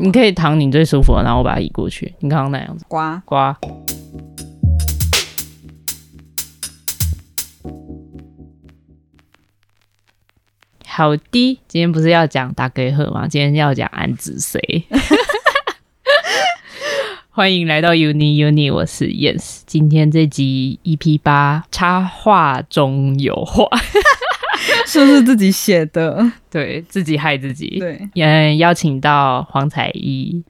你可以躺你最舒服，然後我把它移過去。你剛剛那樣子，刮刮。好的，今天不是要講打給喝嗎？今天要講安子誰 歡迎來到 Uni Uni，我是 Yes。今天這集 EP 八，插畫中有話。 是不是自己寫的？ 對自己害自己。對，嗯，邀請到黃采逸。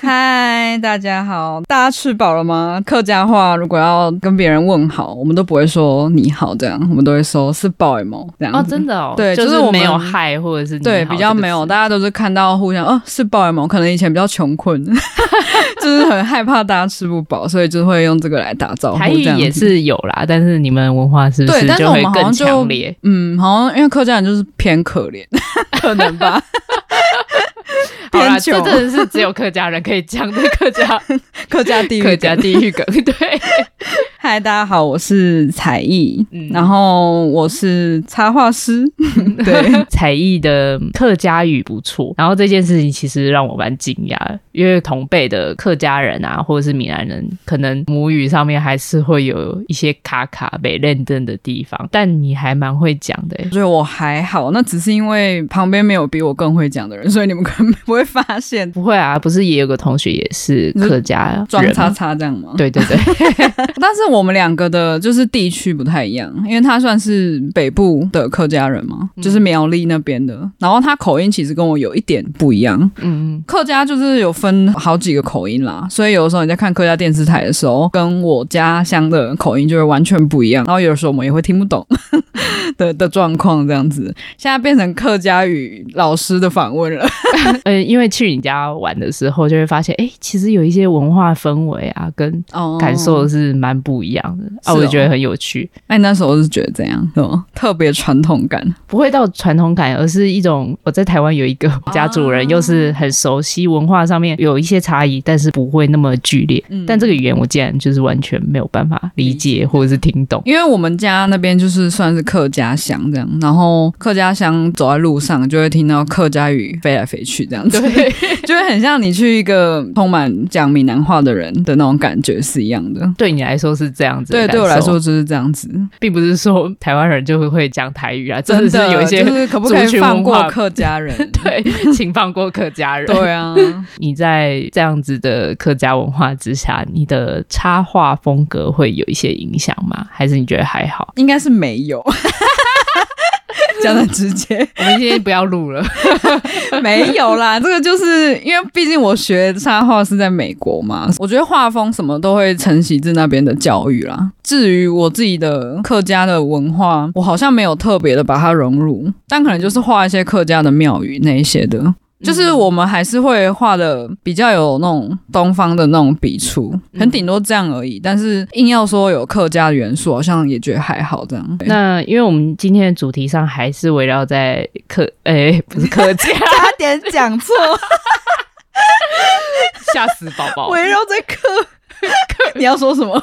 嗨，大家好！大家吃飽了嗎？客家話如果要跟別人問好，我們都不會說你好這樣，我們都會說是飽爾蒙這樣。哦，真的哦，對，就是我、就是、沒有嗨，或者是吃吃對比較沒有，大家都是看到互相哦是飽爾蒙，可能以前比較窮困， 就是很害怕大家吃不飽，所以就會用這個來打招呼這樣。也是有啦，但是你們文化是，對，但是我們好像就，就嗯，好像因為客家人就是偏可憐，可能吧。 好啦，這真的是只有客家人可以講的客家 客家地，客家地獄梗，對。嗨，大家好，我是采逸、嗯，然後我是插畫師。對，采逸的客家語不錯。然後這件事情其實讓我蠻驚訝，因為同輩的客家人啊，或者是閩南人，可能母語上面還是會有一些卡卡被認真的地方。但你還蠻會講的，所以我還好。那只是因為旁邊沒有比我更會講的人，所以你們可能不會發現。不會啊，不是也有個同學也是客家，裝叉叉這樣嗎？對對對，但是我。我們兩個的就是地區不太一樣，因為他算是北部的客家人嘛，嗯、就是苗栗那邊的。然後他口音其實跟我有一點不一樣。嗯，客家就是有分好幾個口音啦，所以有的時候你在看客家電視台的時候，跟我家鄉的口音就會完全不一樣。然後有的時候我們也會聽不懂 的的狀況這樣子。現在變成客家語老師的訪問了。 呃，因為去你家玩的時候，就會發現，哎，其實有一些文化氛圍啊，跟感受是蠻不一樣。哦一樣的、哦啊，我就覺得很有趣。那、欸、那時候是覺得怎樣？是嗎特別傳統感？不會到傳統感，而是一種我在台灣有一個家族，人，又是很熟悉、啊、文化上面有一些差異，但是不會那麼劇烈、嗯。但這個語言我竟然就是完全沒有辦法理解或者是聽懂，因為我們家那邊就是算是客家鄉這樣，然後客家鄉走在路上就會聽到客家語飛來飛去這樣子，對對對對 就會很像你去一個充滿講閩南話的人的那種感覺是一樣的。對你來說是。是這樣子，對，對我來說就是這樣子，並不是說台灣人就會會講台語啊，真的，真的是有一些，就是、可不可以放過客家人？ 對，請放過客家人。 對啊，你在這樣子的客家文化之下，你的插畫風格會有一些影響嗎？還是你覺得還好？應該是沒有。真的直接，我們今天不要錄了。 沒有啦，這個就是因為畢竟我學插畫是在美國嘛，我覺得畫風什麼都會承襲自那邊的教育啦。至於我自己的客家的文化，我好像沒有特別的把它融入，但可能就是畫一些客家的廟宇那一些的。就是我們還是會畫的比較有那種東方的那種筆觸，很頂多這樣而已。但是硬要說有客家元素，好像也覺得還好這樣。那因為我們今天的主題上還是圍繞在客，誒、欸，不是客家，差 點講講錯，嚇 死寶寶寶。圍 繞在客。 你要說什麼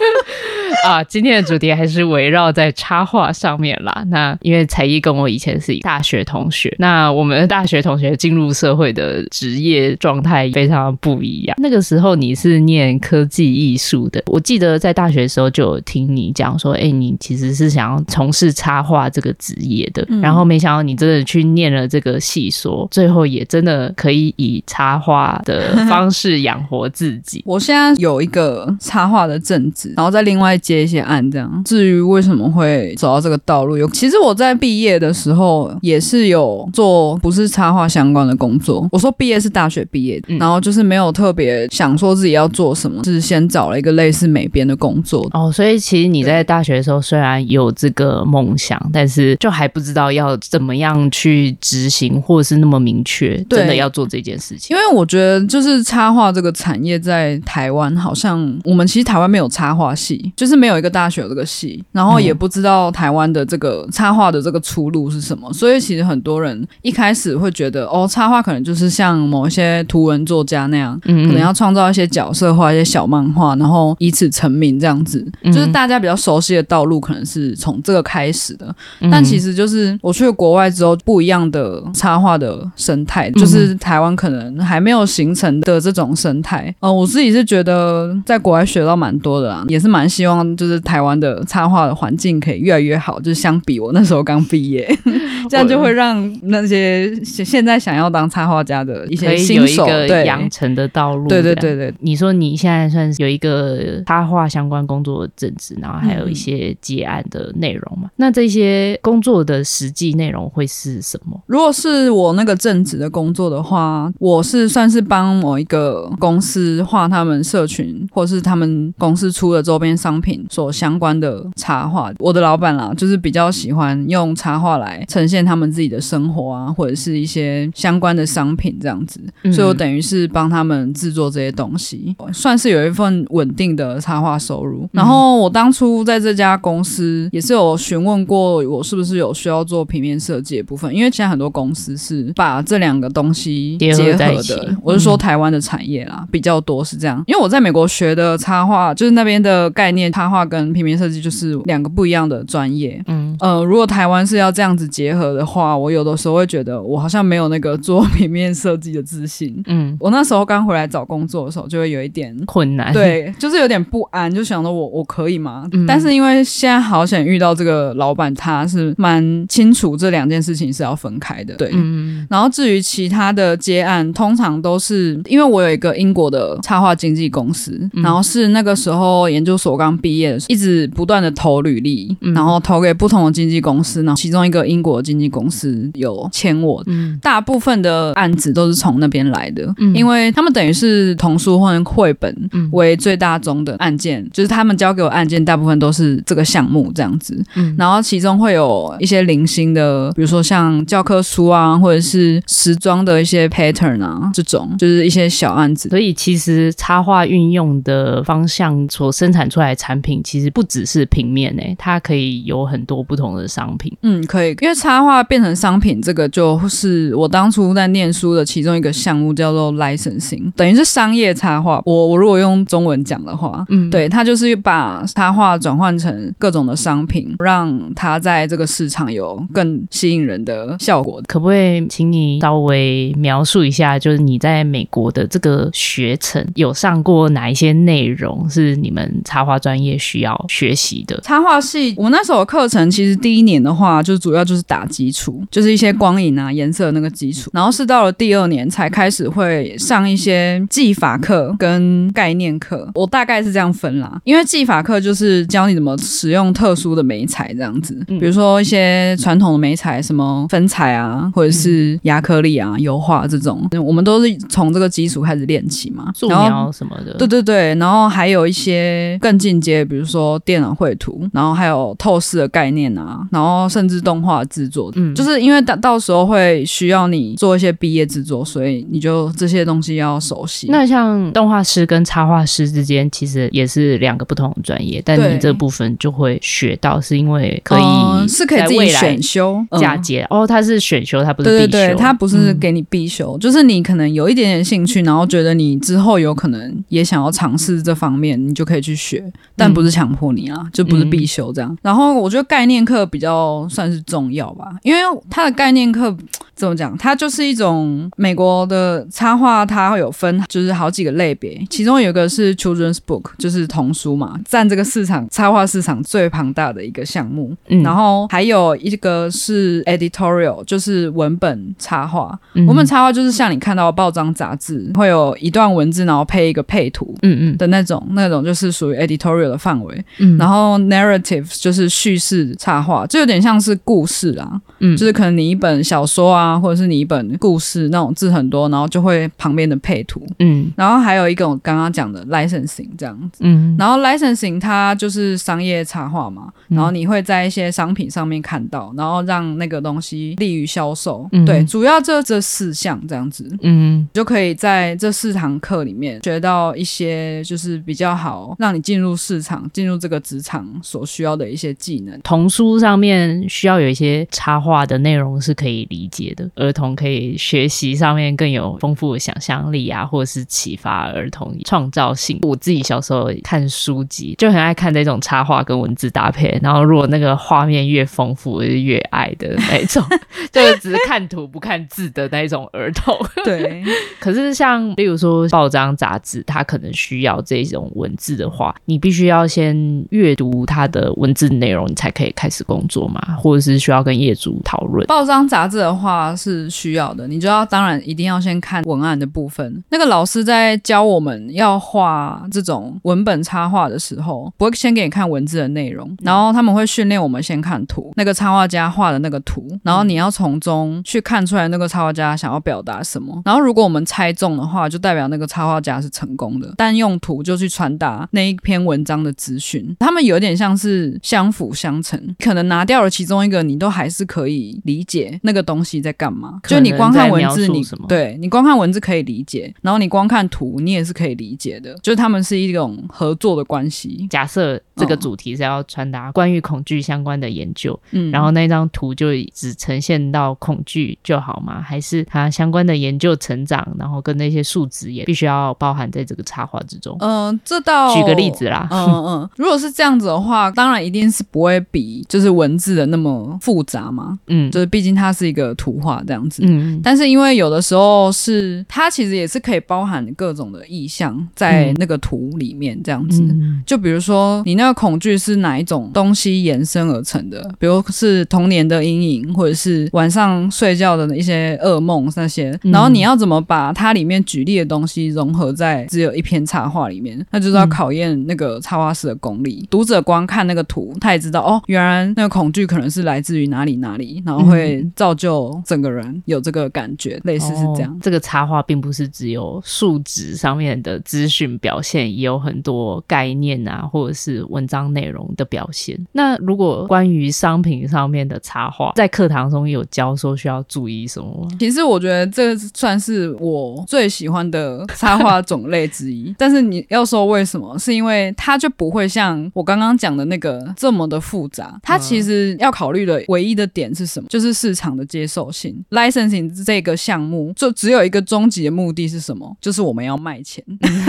啊？今天的主題還是圍繞在插畫上面啦。那因為采逸跟我以前是一大學同學，那我們的大學同學進入社會的職業狀態非常不一樣。那個時候你是念科技藝術的，我記得在大學的時候就有聽你講說，哎、欸，你其實是想要從事插畫這個職業的，然後沒想到你真的去念了這個系所，最後也真的可以以插畫的方式養活自己。 我現在有一個。插畫的正職，然後再另外接一些案，這樣。至於為什麼會走到這個道路，有其實我在畢業的時候也是有做不是插畫相關的工作。我說畢業是大學畢業，嗯，然後就是沒有特別想說自己要做什麼，嗯，就是先找了一個類似美編的工作哦。所以其實你在大學的時候雖然有這個夢想，但是就還不知道要怎麼樣去執行，或者是那麼明確真的要做這件事情。因為我覺得就是插畫這個產業在台灣好像。我們其實台灣沒有插畫系，就是沒有一個大學有這個系，然後也不知道台灣的這個插畫的這個出路是什麼，所以其實很多人一開始會覺得哦，插畫可能就是像某一些圖文作家那樣，可能要創造一些角色，畫一些小漫畫，然後以此成名這樣子，就是大家比較熟悉的道路，可能是從這個開始的。但其實就是我去了國外之後，不一樣的插畫的生態，就是台灣可能還沒有形成的這種生態。呃，我自己是覺得在。國外學到蠻多的啦，也是蠻希望就是台灣的插畫的環境可以越來越好。就是相比我那時候剛畢業呵呵，這樣就會讓那些現現在想要當插畫家的一些新手養成的道路。對，對對對對，你說你現在算是有一個插畫相關工作的正職，然後還有一些接案的內容嘛、嗯，那這些工作的實際內容會是什麼？如果是我那個正職的工作的話，我是算是幫某一個公司畫他們社群，或是。就是他們公司出的周邊商品所相關的插畫，我的老闆啦，就是比較喜歡用插畫來呈現他們自己的生活啊，或者是一些相關的商品這樣子，所以我等於是幫他們製作這些東西，算是有一份穩定的插畫收入。然後我當初在這家公司也是有詢問過，我是不是有需要做平面設計的部分，因為現在很多公司是把這兩個東西結合的。我是說台灣的產業啦，比較多是這樣，因為我在美國學的。的插畫就是那邊的概念，插畫跟平面設計就是兩個不一樣的專業。嗯，呃，如果台灣是要這樣子結合的話，我有的時候會覺得我好像沒有那個做平面設計的自信。嗯，我那時候剛回來找工作的時候，就會有一點困難。對，就是有點不安，就想着我我可以嗎？嗯？但是因為現在好險遇到這個老板，他是蠻清楚這兩件事情是要分開的。對，嗯、然後至於其他的接案，通常都是因為我有一個英國的插畫經紀公司，然、嗯、後。然後是那個時候研究所剛畢業的時候，一直不斷的投履歷、嗯，然後投給不同的經紀公司。然後其中一個英國的經紀公司有簽我、嗯，大部分的案子都是從那邊來的、嗯，因為他們等於是童書或者繪本為最大宗的案件，嗯、就是他們交給我案件大部分都是這個項目這樣子、嗯。然後其中會有一些零星的，比如說像教科書啊，或者是時裝的一些 pattern 啊這種，就是一些小案子。所以其實插畫運用的。的方向所生產出來產品其實不只是平面呢，欸，它可以有很多不同的商品。嗯，可以，因為插畫變成商品，這個就是我當初在念書的其中一個項目，叫做 licensing，等於是商業插畫。我我如果用中文講的話，嗯，對，它就是把插畫轉換成各種的商品，讓它在這個市場有更吸引人的效果。可不可以請你稍微描述一下，就是你在美國的這個學程有上過哪一些內？內容是你們插畫專業需要學習的。插畫系，我們那時候課程其實第一年的話，就主要就是打基礎，就是一些光影啊、顏色的那個基礎。然後是到了第二年才開始會上一些技法課跟概念課。我大概是這樣分啦，因為技法課就是教你怎麼使用特殊的媒材這樣子，比如說一些傳統的媒材，什麼粉彩啊，或者是亞克力啊、油畫這種，我們都是從這個基礎開始練起嘛，素描什麼的。對對對。然後還有一些更進階的，比如說電腦繪圖，然後還有透視的概念啊，然後甚至動畫的制作，嗯，就是因為到到時候會需要你做一些畢業制作，所以你就這些東西要熟悉。那像動畫師跟插畫師之間，其實也是兩個不同的專業，但你這部分就會學到，是因為可以是可以自己選修嫁接。哦，它是選修，它不是必修，對對對，它不是給你必修，嗯，就是你可能有一點點興趣，然後覺得你之後有可能也想要嘗試。是這方面，你就可以去學，但不是強迫你啦、啊嗯，就不是必修這樣、嗯。然後我覺得概念課比較算是重要吧，因為它的概念課。怎麼講？它就是一種美國的插畫，它會有分，就是好幾個類別。其中有一個是 children's book，就是童書嘛，佔這個市場插畫市場最龐大的一個項目。嗯。然後還有一個是 editorial，就是文本插畫。嗯。文本插畫就是像你看到的報章雜誌會有一段文字，然後配一個配圖，嗯嗯的那種，那種就是屬於 editorial 的範圍。嗯。然後 narrative 就是敘事插畫，就有點像是故事啊，嗯，就是可能你一本小說啊。啊，或者是你一本故事那種字很多，然後就會旁邊的配圖，嗯，然後還有一個我剛剛講的 licensing 這樣子，嗯，然後 licensing 它就是商業插畫嘛，嗯、然後你會在一些商品上面看到，然後讓那個東西利於銷售，嗯、對，主要這這四項這樣子，嗯，就可以在這四堂課裡面學到一些就是比較好讓你進入市場、進入這個職場所需要的一些技能。童書上面需要有一些插畫的內容是可以理解的。的兒童可以學習上面更有豐富的想象力啊，或者是啟發兒童創造性。我自己小時候看書籍就很愛看這種插畫跟文字搭配，然後如果那個畫面越豐富，我就是、越愛的那一種， 就是只是看圖不看字的那一種兒童。對，可是像例如說報章雜誌，它可能需要這種文字的話，你必須要先閱讀它的文字內容，你才可以開始工作嘛，或者是需要跟業主討論報章雜誌的話。它是需要的，你就要。當然一定要先看文案的部分。那個老師在教我們要畫這種文本插畫的時候，不會先給你看文字的內容，然後他們會訓練我們先看圖，那個插畫家畫的那個圖，然後你要從中去看出來那個插畫家想要表達什麼。嗯。然後如果我們猜中的話，就代表那個插畫家是成功的，單用圖就去傳達那一篇文章的資訊。他們有點像是相輔相成，可能拿掉了其中一個，你都還是可以理解那個東西在幹嘛？就你光看文字你，你對你光看文字可以理解，然後你光看圖，你也是可以理解的。就是他們是一種合作的關係。假設這個主題是要傳達關於恐懼相關的研究，嗯，然後那張圖就只呈現到恐懼就好嗎？還是它相關的研究成長，然後跟那些數值也必須要包含在這個插畫之中？嗯，這到舉個例子啦，嗯嗯，嗯，如果是這樣子的話，當然一定是不會比就是文字的那麼複雜嘛，嗯，就是畢竟它是一個圖。畫這樣子，嗯，但是因為有的時候是它，其實也是可以包含各種的意象在那個圖裡面這樣子，就比如說你那個恐懼是哪一種東西延伸而成的，比如是童年的陰影，或者是晚上睡覺的一些噩夢那些。然後你要怎麼把它裡面舉例的東西融合在只有一篇插畫裡面，那就是要考驗那個插畫師的功力。讀者光看那個圖，他也知道哦，原來那個恐懼可能是來自於哪裡哪裡，然後會造就，整個人有這個感覺，類似是這樣。哦，這個插畫並不是只有數值上面的資訊表現，也有很多概念啊，或者是文章內容的表現。那如果關於商品上面的插畫，在課堂中有教授需要注意什麼嗎？其實我覺得這算是我最喜歡的插畫種類之一。 但是你要說為什麼，是因為它就不會像我剛剛講的那個這麼的複雜。它其實要考慮的唯一的點是什麼，就是市場的接受 licensing 這個項目就只有一個終極的目的是什麼？就是我們要賣錢。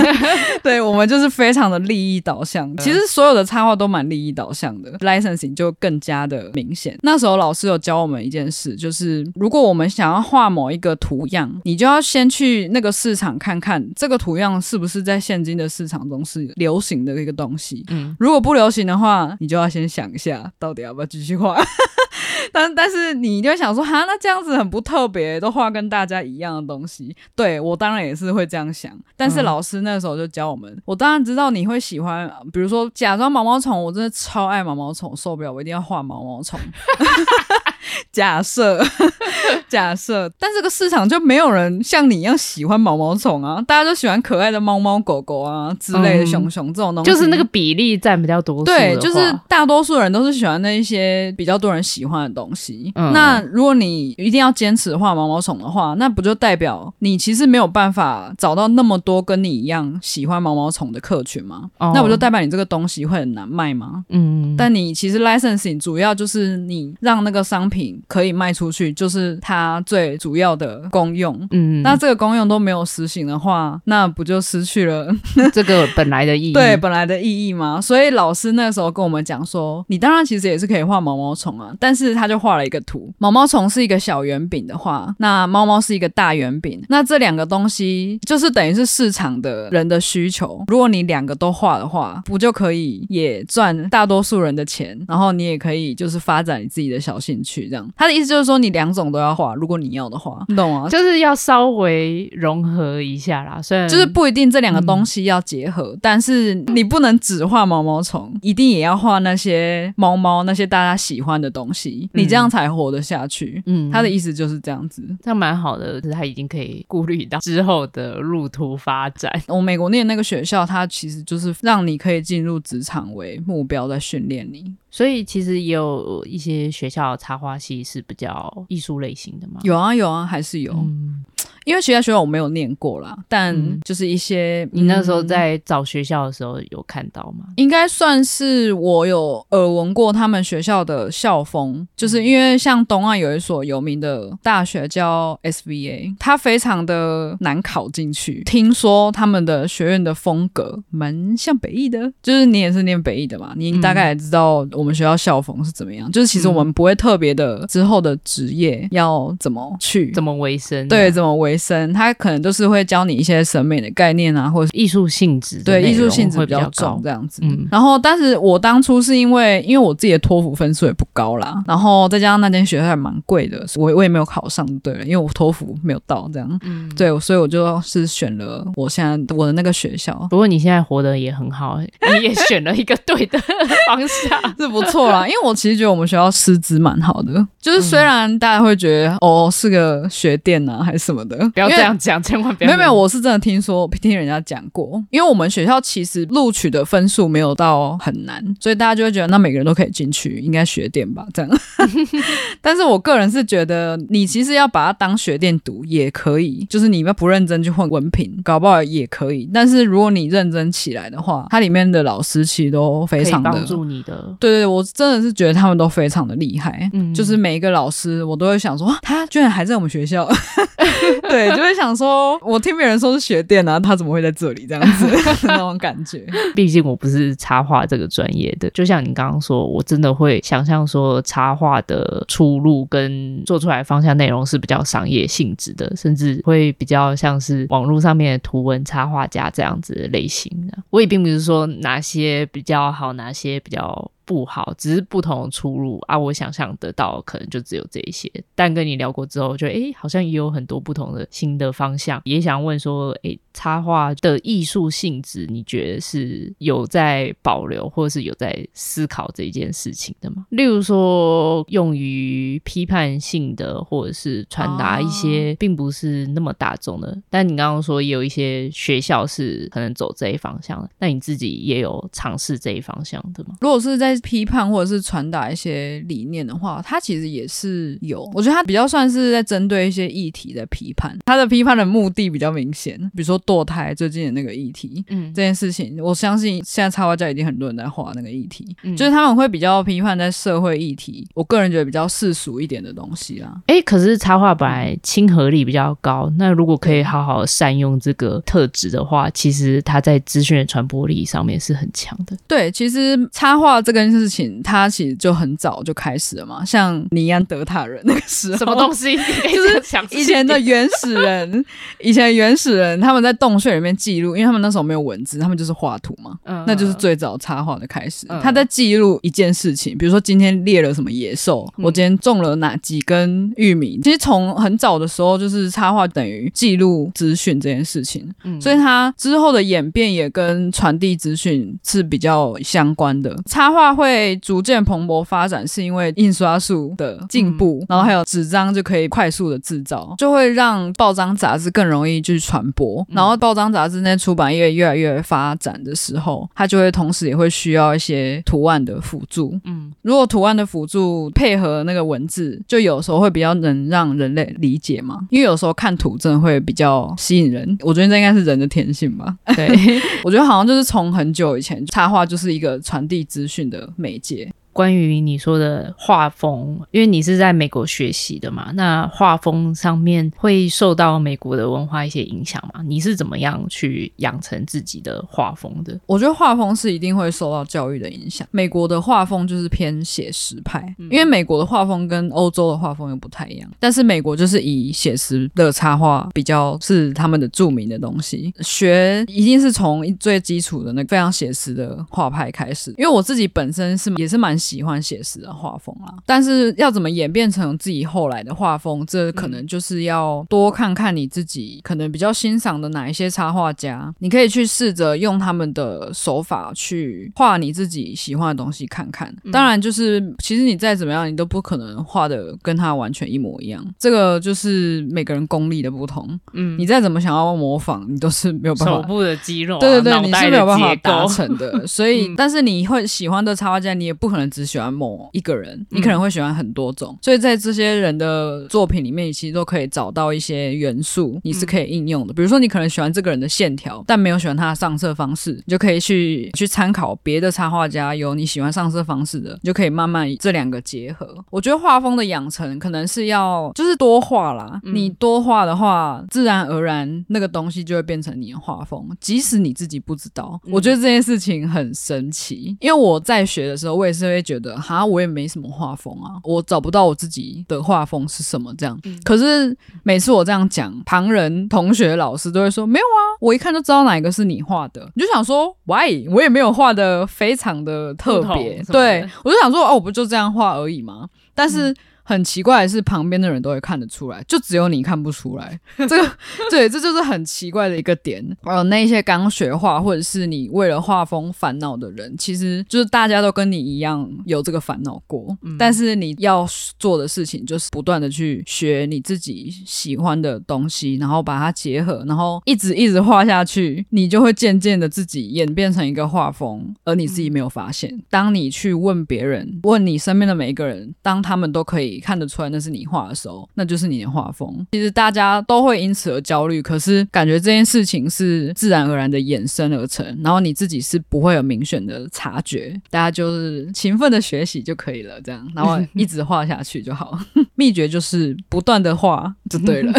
對，我們就是非常的利益導向。其實所有的插畫都蠻利益導向的，licensing 就更加的明顯。那時候老師有教我們一件事，就是如果我們想要畫某一個圖樣，你就要先去那個市場看看這個圖樣是不是在現今的市場中是流行的一個東西。嗯，如果不流行的話，你就要先想一下到底要不要繼續畫。但但是你就會想說，哈，那這樣子很不特別，欸，都畫跟大家一樣的東西。對，我當然也是會這樣想，但是老師那時候就教我們，嗯，我當然知道你會喜歡，比如說假裝毛毛蟲，我真的超愛毛毛蟲，受不了，我一定要畫毛毛蟲。 假設，假設，但這個市場就沒有人像你一樣喜歡毛毛蟲啊，大家都喜歡可愛的貓貓狗狗啊之類的熊熊、嗯、這種東西，就是那個比例占比較多。對，就是大多數人都是喜歡那一些比較多人喜歡的東西。嗯、那如果你一定要堅持畫毛毛蟲的話，那不就代表你其實沒有辦法找到那麼多跟你一樣喜歡毛毛蟲的客群嗎？哦、那不就代表你這個東西會很難賣嗎？嗯。但你其實 licensing 主要就是你讓那個商品。可以賣出去，就是它最主要的功用。嗯，那這個功用都沒有實行的話，那不就失去了 這個本來的意義？對，本來的意義嗎？所以老師那時候跟我們講說，你當然其實也是可以畫毛毛蟲啊，但是他就畫了一個圖，毛毛蟲是一個小圓餅的話，那貓貓是一個大圓餅，那這兩個東西就是等於是市場的人的需求。如果你兩個都畫的話，不就可以也賺大多數人的錢，然後你也可以就是發展你自己的小興趣。這樣，他的意思就是說，你兩種都要畫，如果你要的話，懂嗎、啊？就是要稍微融合一下啦。雖然就是不一定這兩個東西要結合，嗯、但是你不能只畫毛毛蟲，一定也要畫那些貓貓，那些大家喜歡的東西、嗯，你這樣才活得下去。嗯，他的意思就是這樣子，這樣蠻好的，就是他已經可以顧慮到之後的路途發展。 我美國念的那個學校，它其實就是讓你可以進入職場為目標在訓練你，所以其實也有一些學校的插畫。是比較藝術類型的嗎？有啊，有啊，還是有。嗯因為其他學校我沒有念過啦，但就是一些、嗯嗯、你那時候在找學校的時候有看到嗎？應該算是我有耳聞過他們學校的校風，嗯、就是因為像東岸有一所有名的大學叫 SVA，它非常的難考進去。聽說他們的學院的風格蠻像北藝的，就是你也是念北藝的嘛，你大概也知道我們學校校風是怎麼樣。嗯、就是其實我們不會特別的，之後的職業要怎麼去怎麼維生，啊，對，怎麼維生他可能就是會教你一些審美的概念啊，或者是藝術性質，對藝術性質比較重這樣子。嗯，然後但是我當初是因為因為我自己的托福分數也不高啦，然後再加上那間學校還蠻貴的，我我也沒有考上對了，因為我托福沒有到這樣。嗯，對，所以我就是選了我現在我的那個學校。不過你現在活得也很好，你也選了一個對的 方向，是不錯啦，因為我其實覺得我們學校師資蠻好的，就是雖然大家會覺得、嗯、哦，是個學店啊還是什麼的。不要這樣講，千萬不要，不要。沒有沒有，我是真的聽說，我聽人家講過。因為我們學校其實錄取的分數沒有到很難，所以大家就會覺得，那每個人都可以進去，應該學店吧？這樣。 但是我個人是覺得，你其實要把它當學店讀也可以，就是你們不認真去混文憑，搞不好也可以。但是如果你認真起來的話，它裡面的老師其實都非常的幫助你的。對，對對，我真的是覺得他們都非常的厲害。嗯，就是每一個老師，我都會想說，哇，他居然還在我們學校。 對，就會想說，我聽別人說是學電啊，他怎麼會在這裡這樣子？ 那種感覺。畢竟我不是插畫這個專業的，就像你剛剛說，我真的會想象說，插畫的出路跟做出來的方向內容是比較商業性質的，甚至會比較像是網絡上面的圖文插畫家這樣子的類型啊。我也並不是說哪些比較好，哪些比較。不好，只是不同的出路啊！我想象得到，可能就只有這一些。但跟你聊過之後就，覺得、欸、好像也有很多不同的新的方向。也想問說，誒、欸、插畫的藝術性質，你覺得是有在保留，或者是有在思考這一件事情的嗎？例如說，用於批判性的，或者是傳達一些並不是那麼大眾的、啊。但你剛剛說也有一些學校是可能走這一方向的，那你自己也有嘗試這一方向的嗎？如果是在批判或者是傳達一些理念的話，它其實也是有。我覺得它比較算是在針對一些議題的批判，它的批判的目的比較明顯。比如說墮胎最近的那個議題，嗯，這件事情，我相信現在插畫家已經很多人在畫那個議題，嗯，就是他們會比較批判在社會議題。我個人覺得比較世俗一點的東西啦。哎，可是插畫本來親和力比較高，那如果可以好好善用這個特質的話，其實它在資訊的傳播力上面是很強的。對，其實插畫這個。事情，他其實就很早就開始了嘛。像尼安德塔人那個時候，什麼東西？ 就是以前的原始人， 以前原始人他們在洞穴裡面記錄，因為他們那時候沒有文字，他們就是畫圖嘛。嗯，那就是最早插畫的開始，嗯。他在記錄一件事情，比如說今天獵了什麼野獸，嗯，我今天種了哪幾根玉米。其實從很早的時候，就是插畫等於記錄資訊這件事情。嗯，所以他之後的演變也跟傳遞資訊是比較相關的。插畫。會逐漸蓬勃發展，是因為印刷術的進步、嗯，然後還有紙張就可以快速的制造，就會讓報章雜誌更容易去傳播、嗯。然後報章雜誌那出版業越來越發展的時候，它就會同時也會需要一些圖案的輔助。嗯，如果圖案的輔助配合那個文字，就有時候會比較能讓人類理解嘛。因為有時候看圖真的會比較吸引人，我覺得這應該是人的天性吧。對， 我覺得好像就是從很久以前插畫就是一個傳遞資訊的。媒介。關於你說的畫風，因為你是在美國學習的嘛，那畫風上面會受到美國的文化一些影響嘛？你是怎麼樣去養成自己的畫風的？我覺得畫風是一定會受到教育的影響。美國的畫風就是偏寫實派，嗯，因為美國的畫風跟歐洲的畫風又不太一樣，但是美國就是以寫實的插畫比較是他們的著名的東西。學一定是從最基礎的那個非常寫實的畫派開始，因為我自己本身是也是蠻。喜歡寫實的畫風啊，但是要怎麼演變成自己後來的畫風，這可能就是要多看看你自己可能比較欣賞的哪一些插畫家，你可以去試着用他們的手法去畫你自己喜歡的東西看看。嗯、當然，就是其實你再怎麼樣，你都不可能畫得跟他完全一模一樣，這個就是每個人功力的不同。嗯，你再怎麼想要模仿，你都是沒有辦法。手部的肌肉、啊，對對對，你是沒有辦法達成的。所以、嗯，但是你會喜歡的插畫家，你也不可能。只喜歡某一個人，你可能會喜歡很多種、嗯，所以在這些人的作品裡面，其實都可以找到一些元素，你是可以應用的。嗯、比如說，你可能喜歡這個人的線條，但沒有喜歡他的上色方式，你就可以去去參考別的插畫家有你喜歡上色方式的，你就可以慢慢這兩個結合。我覺得畫風的養成可能是要就是多畫啦、嗯，你多畫的話，自然而然那個東西就會變成你的畫風，即使你自己不知道。我覺得這件事情很神奇，嗯、因為我在學的時候，我也是會。覺得哈，我也沒什麼畫風啊，我找不到我自己的畫風是什麼這樣。嗯、可是每次我這樣講，旁人、同學、老師都會說沒有啊，我一看就知道哪一個是你畫的。你就想說，Why？我也沒有畫的非常的特別。頭頭對我就想說，哦，我不就這樣畫而已嘛。但是。嗯很奇怪的是，旁邊的人都會看得出來，就只有你看不出來。這個，對，這就是很奇怪的一個點。呃，那些剛學畫或者是你為了畫風煩惱的人，其實就是大家都跟你一樣有這個煩惱過，嗯。但是你要做的事情就是不斷的去學你自己喜歡的東西，然後把它結合，然後一直一直畫下去，你就會漸漸的自己演變成一個畫風，而你自己沒有發現。嗯。當你去問別人，問你身邊的每一個人，當他們都可以。看得出來那是你畫的時候，那就是你的畫風。其實大家都會因此而焦慮，可是感覺這件事情是自然而然的衍生而成，然後你自己是不會有明顯的察覺。大家就是勤奮的學習就可以了，這樣，然後一直畫下去就好。 秘訣就是不斷的畫就對了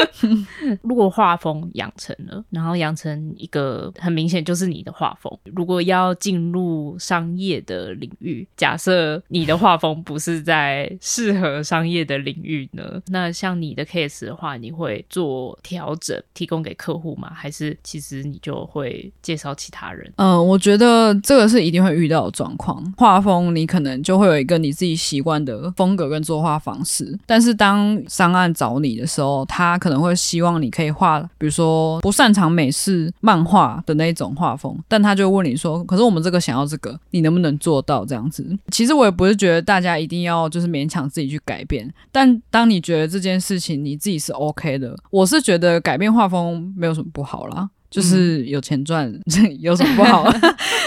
如果畫風養成了，然後養成一個很明顯就是你的畫風。如果要進入商業的領域，假設你的畫風不是在適合商業的領域呢？那像你的 case 的話，你會做調整，提供給客戶嗎？還是其實你就會介紹其他人？嗯、呃，我覺得這個是一定會遇到的狀況。畫風你可能就會有一個你自己習慣的風格跟作畫風。方式，但是當商案找你的時候，他可能會希望你可以畫，比如說不擅長美式漫畫的那一種畫風，但他就問你說：“可是我們這個想要這個，你能不能做到這樣子？”其實我也不是覺得大家一定要就是勉強自己去改變，但當你覺得這件事情你自己是 OK 的，我是覺得改變畫風沒有什麼不好啦。就是有錢賺，嗯、 有什麼不好？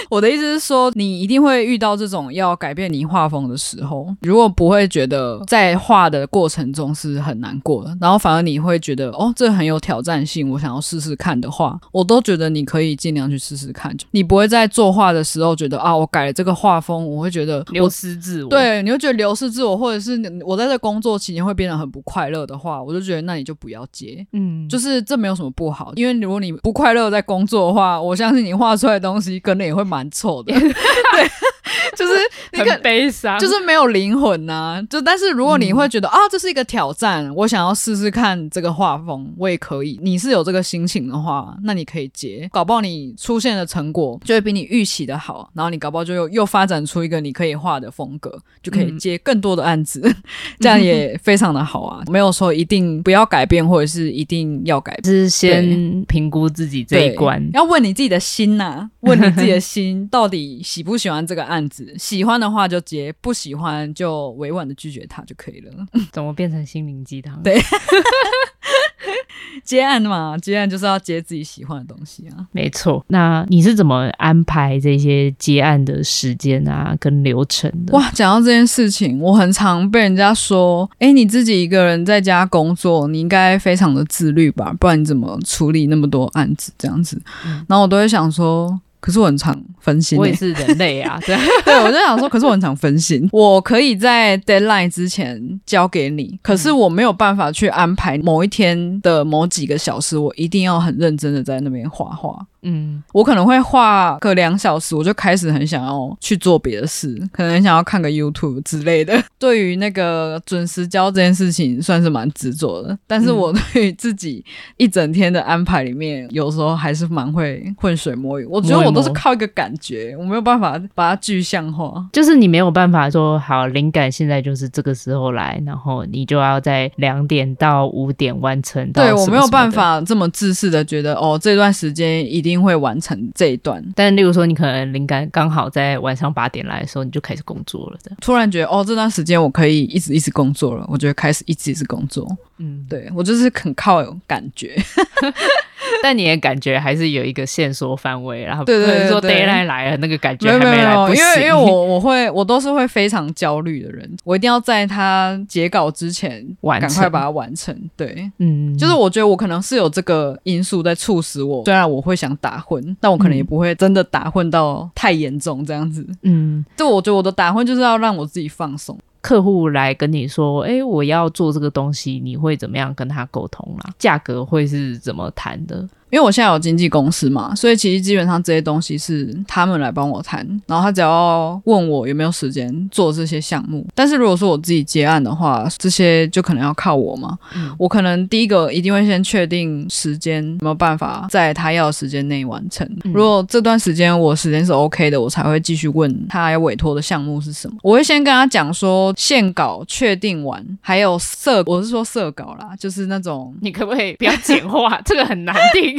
我的意思是說，你一定會遇到這種要改變你畫風的時候，如果不會覺得在畫的過程中是很難過的，然後反而你會覺得哦，這很有挑戰性，我想要試試看的話，我都覺得你可以盡量去試試看。你不會在作畫的時候覺得啊，我改了這個畫風，我會覺得流失自我。對，你會覺得流失自我，或者是我在這工作期間會變得很不快樂的話，我就覺得那你就不要接。嗯，就是這沒有什麼不好，因為如果你不快。如果在工作的話，我相信你畫出來的東西可能也會蠻醜的。 對 就是你可很悲傷，就是沒有靈魂吶、啊。就但是如果你會覺得、嗯、啊，這是一個挑戰，我想要試試看這個畫風，我也可以。你是有這個心情的話，那你可以接。搞不好你出現的成果就會比你預期的好，然後你搞不好就又，又發展出一個你可以畫的風格、嗯，就可以接更多的案子，嗯、 這樣也非常的好啊。沒有說一定不要改變，或者是一定要改變，是先評估自己這一關。要問你自己的心吶、啊，問你自己的心 到底喜不喜歡這個案子。喜歡的話就接，不喜歡就委婉地拒絕他就可以了。怎麼變成心靈雞湯？對， 接案嘛，接案就是要接自己喜歡的東西啊。沒錯，那你是怎麼安排這些接案的時間啊，跟流程的？哇，講到這件事情，我很常被人家說，誒，你自己一個人在家工作，你應該非常的自律吧？不然你怎麼處理那麼多案子，這樣子。嗯。然後我都會想說。可是我很常分心，欸，我也是人類啊， 對， 對，對我就想說，可是我很常分心。 我可以在 deadline 之前交給你，可是我沒有辦法去安排某一天的某幾個小時，我一定要很認真的在那邊畫畫。嗯，我可能會畫個兩小時，我就開始很想要去做別的事，可能很想要看個 YouTube 之類的。對於那個準時交這件事情，算是蠻執着的。但是我對於自己一整天的安排裡面，有時候還是蠻會渾水摸魚。我覺得我都是靠一個感覺，我沒有辦法把它具象化。就是你沒有辦法說好靈感現在就是這個時候來，然後你就要在兩點到五點完成什麼什麼。對，我沒有辦法這麼自私的覺得哦，這段時間一定。一定會完成這一段，但例如說，你可能靈感剛好在晚上八點來的時候，你就開始工作了。突然覺得，哦，這段時間我可以一直一直工作了，我覺得開始一直一直工作。嗯，對我就是很靠有感覺。 但你也感覺還是有一個線索範圍，然後對對對，說 deadline 來了，那個感覺還沒來，不，沒有沒有，因為因為我我會我都是會非常焦慮的人，我一定要在他截稿之前趕快把它完成，完成。對，嗯，就是我覺得我可能是有這個因素在促使我，雖然我會想打混，但我可能也不會真的打混到太嚴重這樣子。嗯，就我覺得我的打混就是要讓我自己放鬆。客戶來跟你說：“哎、欸，我要做這個東西，你會怎麼樣跟他溝通啦？價格會是怎麼談的？”因為我現在有經紀公司嘛，所以其實基本上這些東西是他們來幫我談，然後他只要問我有沒有時間做這些項目。但是如果說我自己接案的話，這些就可能要靠我嘛。嗯。我可能第一個一定會先確定時間有沒有辦法在他要的時間內完成。嗯。如果這段時間我時間是 OK 的，我才會繼續問他要委託的項目是什麼。我會先跟他講說，線稿確定完，還有色，我是說色稿啦，就是那種你可不可以不要簡化？ 這個很難定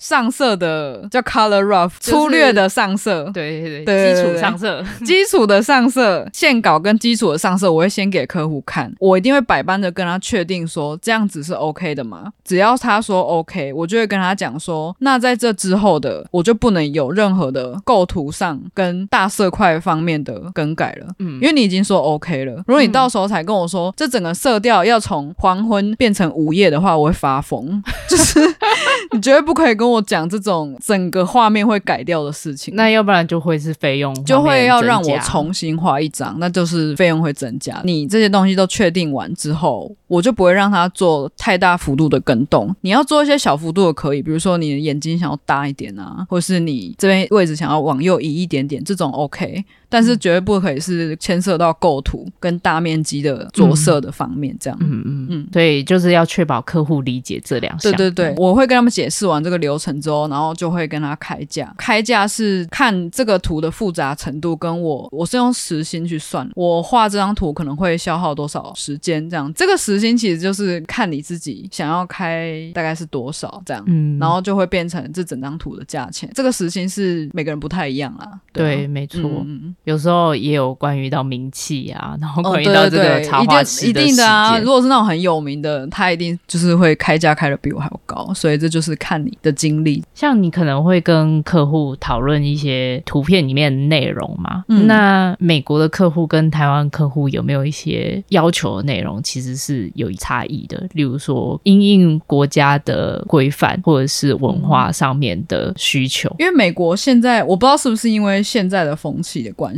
上色的叫 color rough、就是、粗略的上色，對對對，對對對，基礎上色，基礎的上色， 線稿跟基礎的上色，我會先給客戶看，我一定會百般的跟他確定說這樣子是 OK 的嘛，只要他說 OK，我就會跟他講說，那在這之後的，我就不能有任何的構圖上跟大色塊方面的更改了，嗯，因為你已經說 OK 了，如果你到時候才跟我說、嗯、這整個色調要從黃昏變成午夜的話，我會發瘋，就是。 你絕對不可以跟我講這種整個畫面會改掉的事情，那要不然就會是費用就會要讓我重新畫一張，那就是費用會增加。你這些東西都確定完之後，我就不會讓它做太大幅度的更動。你要做一些小幅度的，可以，比如說你的眼睛想要大一點啊，或是你這邊位置想要往右移一點點，這種 OK。但是絕對不可以是牽涉到構圖跟大面積的着色的方面這樣。嗯嗯嗯，所以就是要確保客戶理解這兩項。對對對、嗯，我會跟他們解釋完這個流程之後，然後就會跟他開價。開價是看這個圖的複雜程度，跟我我是用時薪去算，我畫這張圖可能會消耗多少時間這樣。這個時薪其實就是看你自己想要開大概是多少這樣。嗯，然後就會變成這整張圖的價錢。這個時薪是每個人不太一樣啦。對，對，沒錯。嗯嗯有時候也有關於到名氣啊，然後關於到這個插畫、嗯、一定，一定的啊。如果是那種很有名的，他一定就是會開價開的比我還要高。所以這就是看你的經歷。像你可能會跟客戶討論一些圖片裡面的內容嘛、嗯。那美國的客戶跟台灣客戶有沒有一些要求的內容，其實是有差異的。例如說，因應國家的規範或者是文化上面的需求。因為美國現在我不知道是不是因為現在的風氣的關。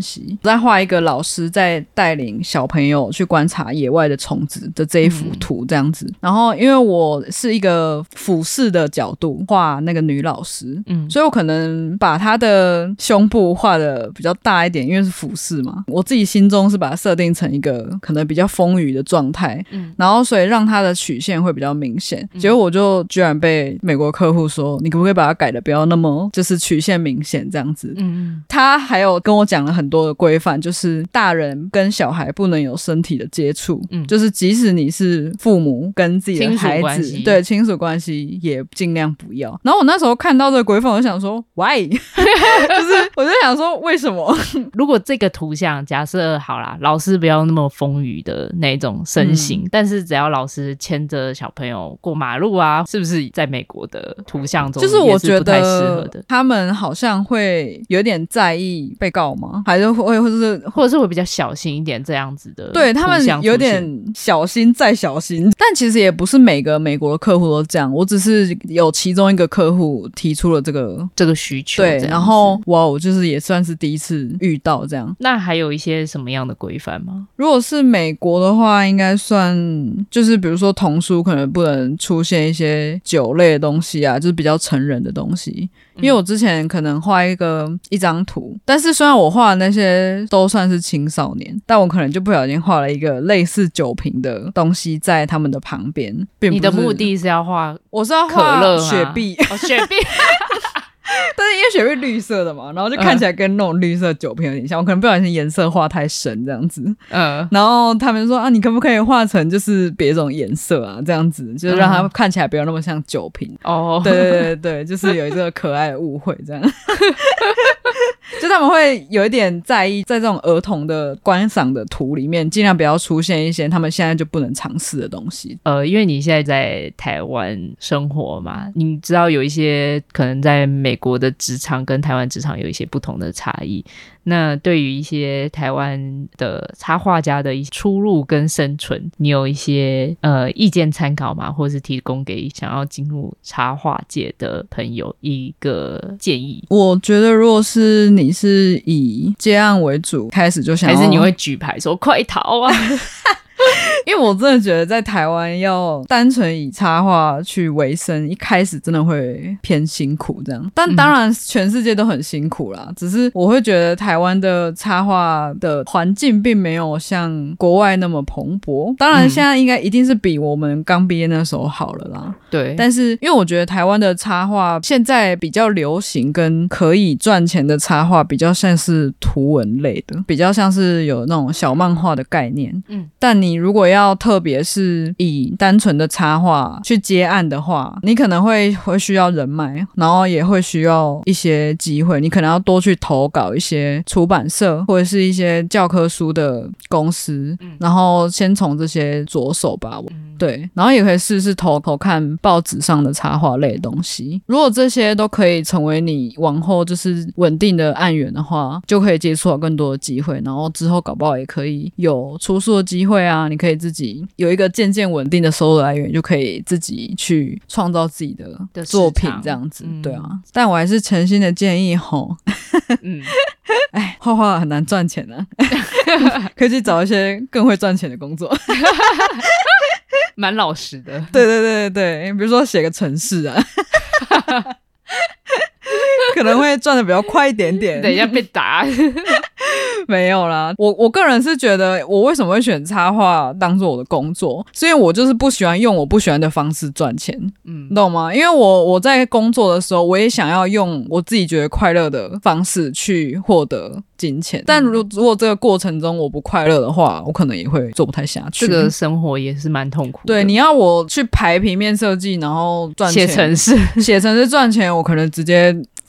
再畫一個老師在帶領小朋友去觀察野外的蟲子的這一幅圖，這樣子、嗯。然後因為我是一個俯視的角度畫那個女老師，嗯，所以我可能把她的胸部畫得比較大一點，因為是俯視嘛。我自己心中是把它設定成一個可能比較豐腴的狀態，嗯，然後所以讓她的曲線會比較明顯。結果我就居然被美國客戶說：“你可不可以把它改得不要那麼就是曲線明顯這樣子？”嗯，他還有跟我講了很。很多的規範就是大人跟小孩不能有身體的接觸，嗯，就是即使你是父母跟自己的孩子，親對親屬關係也儘量不要。然後我那時候看到這個規範，我就想說，Why？ 就是我就想說，為什麼？如果這個圖像假設好啦，老師不要那麼豐腴的那種身形，嗯，但是只要老師牽着小朋友過馬路啊，是不是在美國的圖像中就是我覺得他們好像會有點在意被告嗎？還是會，或者是，或者是會比較小心一點這樣子的。對，他們有點小心再小心，但其實也不是每個美國的客戶都這樣。我只是有其中一個客戶提出了這個這個需求對，對，然後哇，我就是也算是第一次遇到這樣。那還有一些什麼樣的規範嗎？如果是美國的話，應該算就是比如說童書可能不能出現一些酒類的東西啊，就是比較成人的東西。因為我之前可能畫一個、嗯、一張圖，但是雖然我畫的那些都算是青少年，但我可能就不小心畫了一個類似酒瓶的東西在他們的旁邊。你的目的是要畫，我是要畫可樂、雪碧。哦，雪碧。 但是因為雪碧綠色的嘛，然後就看起來跟那種綠色的酒瓶有點像、嗯。我可能不小心顏色畫太深這樣子，嗯，然後他們說啊，你可不可以畫成就是別種顏色啊？這樣子就是讓它看起來不要那麼像酒瓶哦。對、嗯、對對對，就是有一個可愛的誤會這樣。 就他們會有一點在意，在這種兒童的觀賞的圖裡面，儘量不要出現一些他們現在就不能嘗試的東西。呃，因為你現在在台灣生活嘛，你知道有一些可能在美國的職場跟台灣職場有一些不同的差異。那對於一些台灣的插畫家的一出入跟生存，你有一些呃意見參考嗎？或是提供給想要進入插畫界的朋友一個建議？我覺得，如果是你。是以接案為主，開始就想，還是你會舉牌說快逃啊？ 因為我真的覺得，在台灣要單純以插畫去維生，一開始真的會偏辛苦這樣。但當然，全世界都很辛苦啦。嗯、只是我會覺得，台灣的插畫的環境並沒有像國外那麼蓬勃。當然，現在應該一定是比我們剛畢業那時候好了啦。對、嗯。但是，因為我覺得台灣的插畫現在比較流行跟可以賺錢的插畫，比較像是圖文類的，比較像是有那種小漫畫的概念。嗯。但你如果要不要特別是以單純的插畫去接案的話，你可能會會需要人脈，然後也會需要一些機會。你可能要多去投稿一些出版社或者是一些教科書的公司，嗯、然後先從這些着手吧、嗯。對，然後也可以試試投稿看報紙上的插畫類的東西。如果這些都可以成為你往後就是穩定的案源的話，就可以接觸到更多的機會，然後之後搞不好也可以有出書的機會啊。你可以。自己有一個漸漸穩定的收入來源，就可以自己去創造自己的作品，這樣子、嗯，對啊。但我還是誠心的建議吼，哎、 嗯，畫畫很難賺錢呢、啊， 可以去找一些更會賺錢的工作，蠻 老實的。對對對對對，比如說寫個程式啊。 可能會賺的比較快一點點，等一下被打， 沒有啦。我我個人是覺得，我為什麼會選插畫當做我的工作？所以我就是不喜歡用我不喜歡的方式賺錢，嗯，懂嗎？因為我我在工作的時候，我也想要用我自己覺得快樂的方式去獲得金錢。但如如果這個過程中我不快樂的話，我可能也會做不太下去。這個生活也是蠻痛苦的。對，你要我去排平面設計，然後賺錢，寫程式，寫程式賺錢，我可能直接。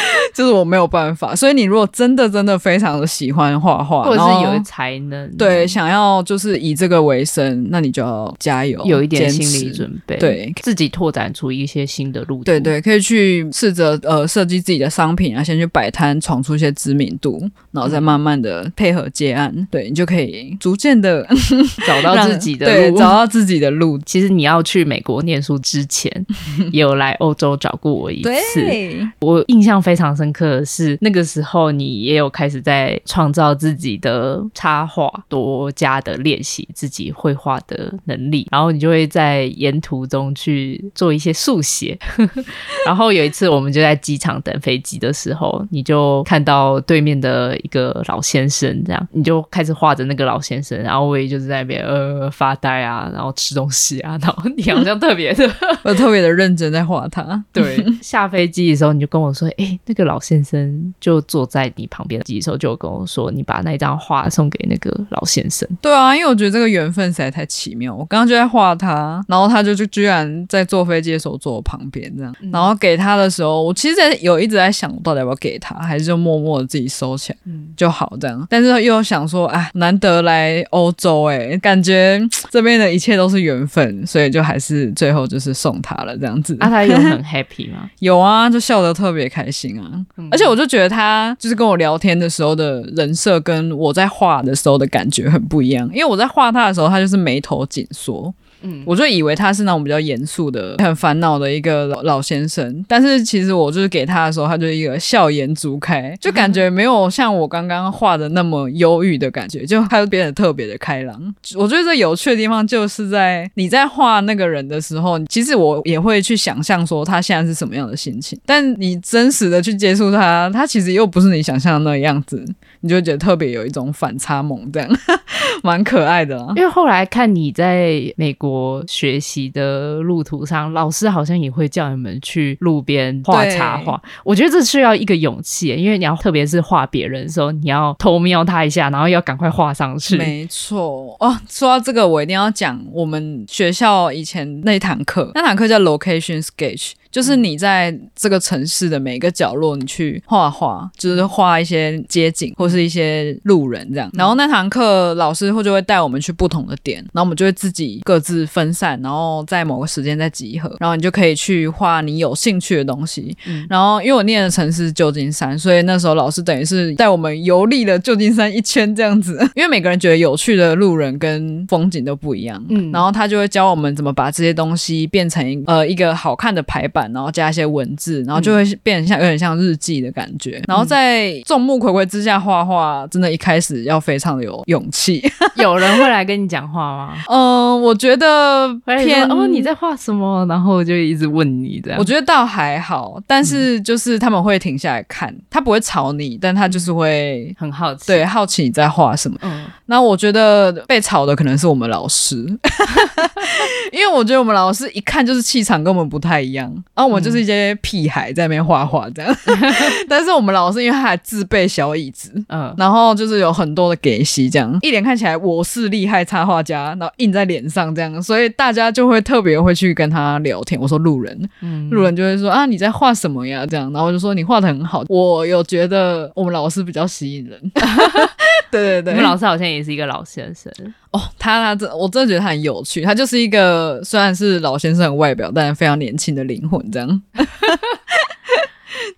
就是我沒有辦法，所以你如果真的真的非常的喜歡畫畫，或者是有才能，對，想要就是以這個為生，那你就要加油，有一點心理準備，對，自己拓展出一些新的路。對，對對，可以去試着呃設計自己的商品啊，先去擺攤，闖出一些知名度，然後再慢慢的配合接案。嗯、對你就可以逐漸的 找到自己的路， 自己的路對，找到自己的路。其實你要去美國念書之前， 有來歐洲找過我一次，對我印象。非常深刻的是，那個時候，你也有開始在創造自己的插畫，多加的練習自己繪畫的能力，然後你就會在沿途中去做一些速寫。 然後有一次我們就在機場等飛機的時候，你就看到對面的一個老先生，這樣你就開始畫着那個老先生，然後我也就是在那邊呃發呆啊，然後吃東西啊，然後你好像特別的， 我特別的認真在畫他。對， 下飛機的時候你就跟我說，哎、欸。那個老先生就坐在你旁邊的時候，就跟我說：“你把那張畫送給那個老先生。”對啊，因為我覺得這個緣分實在太奇妙。我剛剛就在畫他，然後他就就居然在坐飛機的時候坐我旁邊這樣，然後給他的時候，我其實有一直在想，我到底要不要給他，還是就默默的自己收起來就好這樣。但是又想說，哎、啊，難得來歐洲，欸，哎，感覺這邊的一切都是緣分，所以就還是最後就是送他了這樣子。那、啊、他有很 happy 嗎？ 有啊，就笑得特別開心。啊！而且我就覺得他就是跟我聊天的時候的人設，跟我在畫的時候的感覺很不一樣。因為我在畫他的時候，他就是眉頭緊縮。嗯，我就以為他是那種比較嚴肅的、很煩惱的一個老老先生，但是其實我就是給他的時候，他就是一個笑逐顏開，就感覺沒有像我剛剛畫的那麼憂鬱的感覺，就他就變得特別的開朗。我覺得這有趣的地方就是在你在畫那個人的時候，其實我也會去想象說他現在是什麼樣的心情，但你真實的去接觸他，他其實又不是你想象的那樣子。你就覺得特別有一種反差萌，這樣蠻可愛的啊。因為後來看你在美國學習的路途上，老師好像也會叫你們去路邊畫插畫。我覺得這需要一個勇氣，因為你要特別是畫別人的時候，你要偷瞄他一下，然後要趕快畫上去。沒錯。哦，說到這個，我一定要講我們學校以前那堂課，那堂課叫 Location Sketch。就是你在這個城市的每一個角落，你去畫畫，就是畫一些街景或是一些路人這樣。然後那堂課，老師就會帶我們去不同的點，然後我們就會自己各自分散，然後在某個時間再集合。然後你就可以去畫你有興趣的東西，嗯。然後因為我念的城市舊金山，所以那時候老師等於是帶我們遊歷了舊金山一圈這樣子。因為每個人覺得有趣的路人跟風景都不一樣，嗯，然後他就會教我們怎麼把這些東西變成呃一個好看的排版。然後加一些文字，然後就會變得像有點像日記的感覺。嗯、然後在眾目睽睽之下畫畫，真的一開始要非常的有勇氣。有人會來跟你講話嗎？ 嗯，我覺得偏哦，你在畫什麼？然後就一直問你這樣。我覺得倒還好，但是就是他們會停下來看，嗯、他不會吵你，但他就是會很好奇，對，好奇你在畫什麼。嗯，那我覺得被吵的可能是我們老師， 因為我覺得我們老師一看就是氣場跟我們不太一樣。啊，我們就是一些屁孩在那邊畫畫這樣、嗯，但是我們老師因為他還自備小椅子，嗯，然後就是有很多的給息。這樣，一臉看起來我是厲害插畫家，然後印在臉上這樣，所以大家就會特別會去跟他聊天。我說路人，嗯、路人就會說，啊你在畫什麼呀這樣，然後就說你畫得很好，我有覺得我們老師比較吸引人。嗯 對對對，我們老師好像也是一個老先生。嗯，哦，他他這我真的覺得他很有趣，他就是一個雖然是老先生的外表，但是非常年輕的靈魂這樣。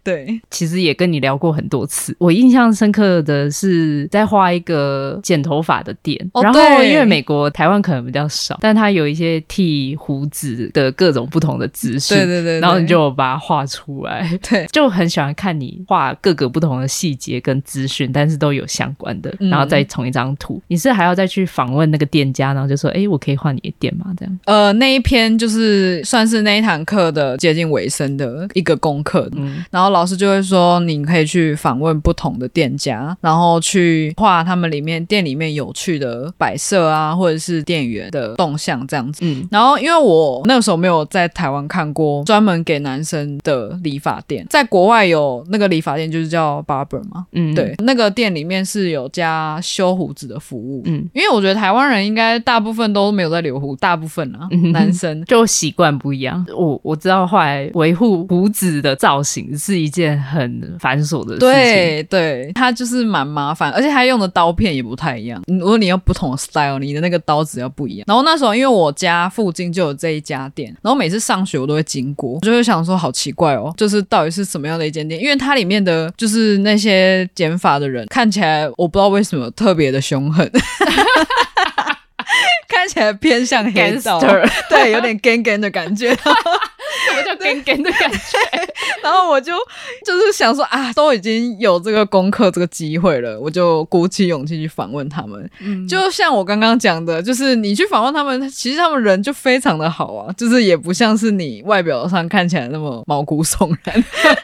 對，其實也跟你聊過很多次。我印象深刻的是在畫一個剪頭髮的店，哦、然後因為美國台灣可能比較少，但它有一些剃鬍子的各種不同的姿勢，對，對對對，然後你就把它畫出來，對，就很喜歡看你畫各個不同的細節跟資訊，但是都有相關的，嗯、然後再重一張圖，你是還要再去訪問那個店家，然後就說，哎，我可以畫你的店嗎？這樣，呃，那一篇就是算是那一堂課的接近尾聲的一個功課，嗯。然後老師就會說，你可以去訪問不同的店家，然後去畫他們裡面店裡面有趣的擺設啊，或者是店員的動向這樣子。嗯。然後因為我那個時候沒有在台灣看過專門給男生的理髮店，在國外有那個理髮店就是叫 Barber 嘛。嗯。對，那個店裡面是有加修鬍子的服務。嗯。因為我覺得台灣人應該大部分都沒有在留鬍，大部分啊，男生 就習慣不一樣。我我知道後來維護鬍子的造型是，是一件很繁瑣的事情，對對，它就是蠻麻煩，而且它用的刀片也不太一樣。如果你要不同的 style，你的那個刀子要不一樣。然後那時候，因為我家附近就有這一家店，然後每次上學我都會經過，我就會想說，好奇怪哦，就是到底是什麼樣的一間店？因為它裡面的，就是那些剪髮的人，看起來我不知道為什麼特別的凶狠， 看起來偏向黑色 對，有點 gang gang 的感覺。 就跟跟的感覺，然後我就就是想說啊，都已經有這個功課、這個機會了，我就鼓起勇氣去訪問他們。嗯，就像我剛剛講的，就是你去訪問他們，其實他們人就非常的好啊，就是也不像是你外表上看起來那麼毛骨悚然。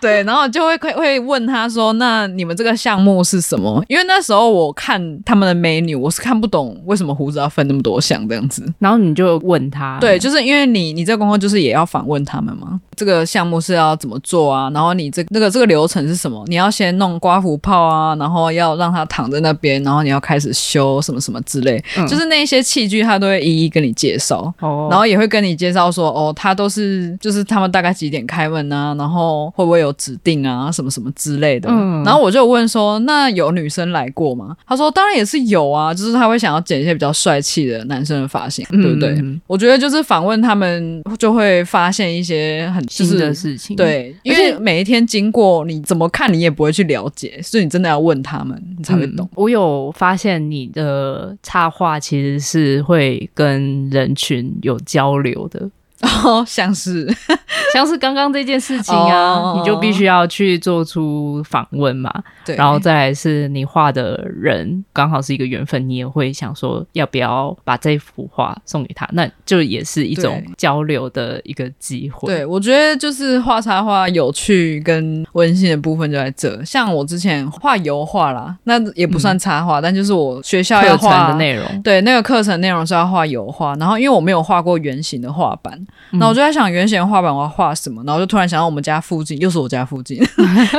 對，然後就會會會問他說：“那你們這個項目是什麼？”因為那時候我看他們的 menu，我是看不懂為什麼胡子要分那麼多項這樣子。然後你就問他，對，就是因為你你這個工作就是也要訪問他。他們嗎？這個項目是要怎麼做啊？然後你這那個這個流程是什麼？你要先弄刮鬍泡啊，然後要讓他躺在那邊，然後你要開始修什麼什麼之類，嗯、就是那一些器具他都會一一跟你介紹、哦，然後也會跟你介紹說哦，他都是就是他們大概幾點開門啊？然後會不會有指定啊？什麼什麼之類的。嗯、然後我就問說，那有女生來過嗎？他說當然也是有啊，就是他會想要剪一些比較帥氣的男生的髮型、嗯，對不對？我覺得就是訪問他們就會發現一些。一些很、就是、新的事情，對，因為每一天經過，你怎麼看，你也不會去了解，所以你真的要問他們，你才會懂。嗯、我有發現你的插畫其實是會跟人群有交流的。哦、oh，像是 像是剛剛這件事情啊，oh, 你就必須要去做出訪問嘛，對，然後再來是你畫的人剛好是一個緣分，你也會想說要不要把這幅畫送給他，那就也是一種交流的一個機會對，對，我覺得就是畫插畫有趣跟溫馨的部分就在這。像我之前畫油畫啦，那也不算插畫，嗯，但就是我學校要畫的內容，對，那個課程內容是要畫油畫，然後因為我沒有畫過圓形的畫板。那、嗯、我就在想，原先畫板我要畫什麼？然後就突然想到，我們家附近，又是我家附近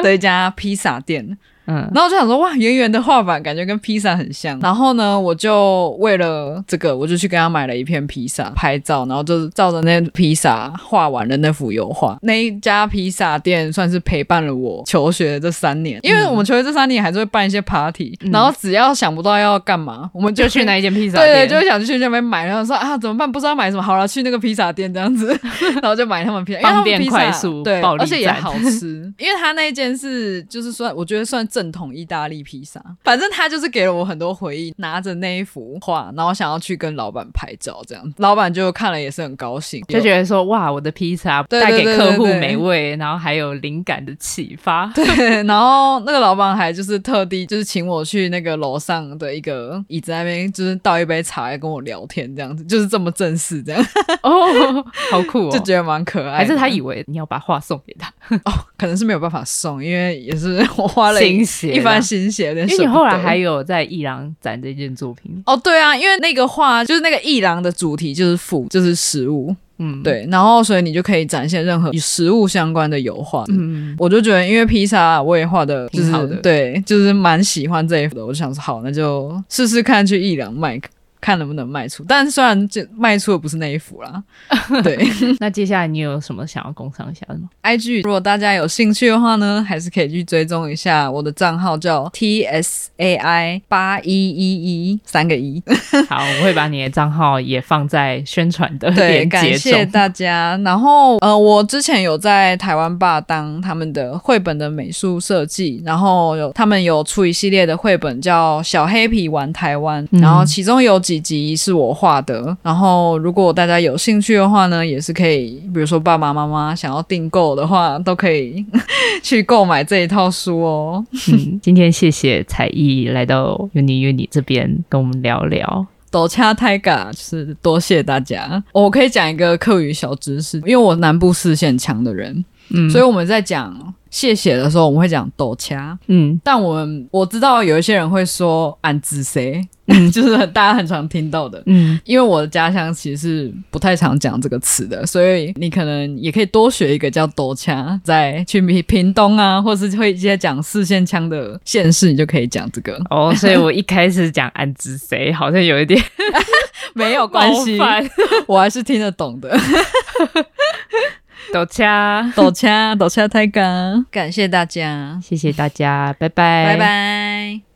的一 家披薩店。然後我就想說，哇，圓圓的畫板感覺跟披薩很像。然後呢，我就為了這個，我就去跟他買了一片披薩拍照，然後就是照着那披薩畫完了那幅油畫。那一家披薩店算是陪伴了我求學這三年，因為我們求學這三年還是會辦一些 party，、嗯、然後只要想不到要幹嘛，我們就去那間披薩店，嗯、對，對，對，就想去，就去那邊買。然後說啊，怎麼辦？不知道買什麼？好了，去那個披薩店這樣子，然後就買他們披薩，方便快速，對，而且也好吃，因為他那間是就是算我覺得算正。正統意大利披薩，反正他就是給了我很多回憶。拿着那一幅畫，然後想要去跟老闆拍照，這樣，老闆就看了也是很高興，就覺得說哇，我的披薩帶給客戶美味對對對對，然後還有靈感的啟發。對，然後那個老闆還就是特地就是請我去那個樓上的一個椅子那邊，就是倒一杯茶來跟我聊天，這樣子，就是這麼正式這樣。哦、， oh，好酷，哦，就覺得蠻可愛。還是他以為你要把畫送給他？ 哦，可能是沒有辦法送，因為也是我花了。新啊，一番心血，因為你後來還有在藝廊展這件作品。哦，對啊，因為那個畫就是那個藝廊的主題就是腐，就是食物。嗯，對，然後所以你就可以展現任何與食物相關的油畫。嗯，我就覺得因為披薩、啊、我也畫的、就是、挺好的，就是對，就是蠻喜歡這一幅的。我就想說，好，那就試試看去藝廊賣。看能不能賣出，但雖然這賣出的不是那一幅啦。 對。 那接下來你有什麼想要工商一下的嗎？IG 如果大家有興趣的話呢，還是可以去追蹤一下我的賬號，叫 T S A I 八一一一三個一。 好，我會把你的賬號也放在宣傳的連接中。對，感謝大家。然後呃，我之前有在台灣吧當他們的繪本的美術設計，然後有他們有出一系列的繪本叫《小黑啤玩台灣》，嗯，然後其中有幾。幾集，集是我畫的，然後如果大家有興趣的話呢，也是可以，比如說爸爸媽，媽媽想要訂購的話，都可以 去購買這一套書哦。嗯，今天謝謝采逸來到 Uni Uni 這邊跟我們聊聊。多恰泰嘎，是多謝大家。我可以講一個客語小知識，因為我南部四縣腔的人，嗯，所以我們在講。謝謝的時候我們會講抖掐，嗯，但我們我知道有一些人會說俺指誰，就是大家很常聽到的，嗯，因為我的家鄉其實是不太常講這個詞的，所以你可能也可以多學一個叫抖掐，在去屏東啊，或是會一些講四線腔的縣市，你就可以講這個哦。所以我一開始講俺指誰好像有一點 沒有關係，我還是聽得懂的。 抖恰抖恰抖恰，太 剛！感謝大家，謝謝大家， 拜拜， 拜拜。